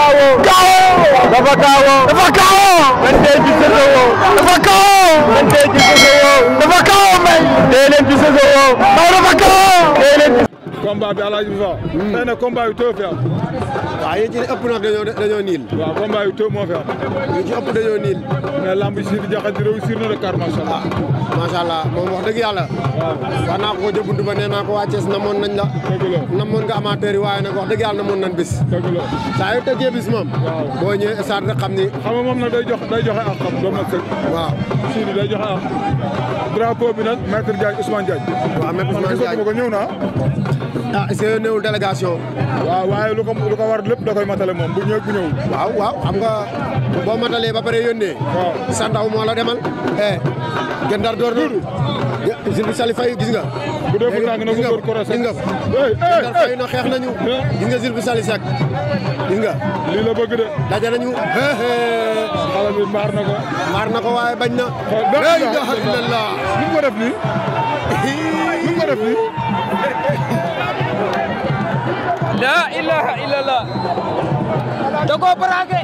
kaawoo kaawoo dafa kaawoo dafa kaawoo man dee ci sësëwoo dafa kaawoo man dee ci sësëwoo dafa kaawoo may dee leen ci sësëwoo may dafa kaawoo dee leen ci combat bi alaaji bi fa nee na combat bi tëw fi am waaw yi ci ëpp nag dañoo dañoo niil. waaw combat yu tëb moo fi am. yi ci ëpp dañoo niil. mais lamb si di jaxas di réussir na ah, moom wax dëgg yàlla. waaw wax naa ko ko ba nee naa ko waa Thiès namoon nañ la. dëgg la namoon nga amateur yi waaye nag wax dëgg yàlla namoon nañ bis. dëgg la saa yu tëggee bis moom. waaw boo ñëwee stade rek xam ni. xam moom nag day joxe ak xam doomu nag sëg. waaw si day joxe ak drapeau bi nag maître Diagne Ousmane Diagne. waaw maître Ousmane Diagne man gisatu ma ko ñëw naa ah est-ce que néewul délégation. waaw waaye lu ko war lépp da koy matale moom bu ñëw bu ñëwul. waaw waaw xam nga boo matalee ba pare yónnee. waaw sa ndaw moo la demal. Eh, gën dar door loolu. gis Sali Faye gis nga. bu dee bu tàng na mu door nga gis nga na xeex nañu. gis nga Sylvie Sali Seck gis nga. lii la bëgg de. nañu. maar na ko. maar na ko waaye bañ na. waaw dëgg la dëgg la ko def nii. la ilaha illallah da ko braqué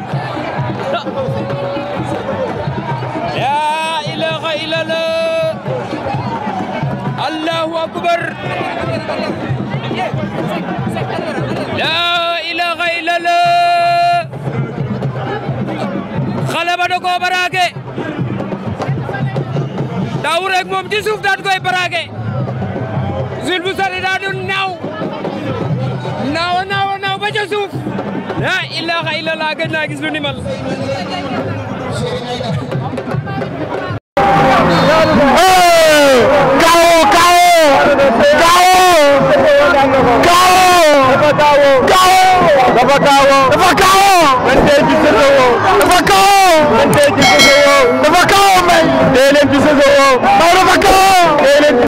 la ilaha illallah allahu akbar la ilaha illallah xale ba da ko braqué daw rek moom ci suuf daan koy braqué Jules bu sali daa doon بجوزوف لا إلا غير لا قد لا قزلو نمال كاو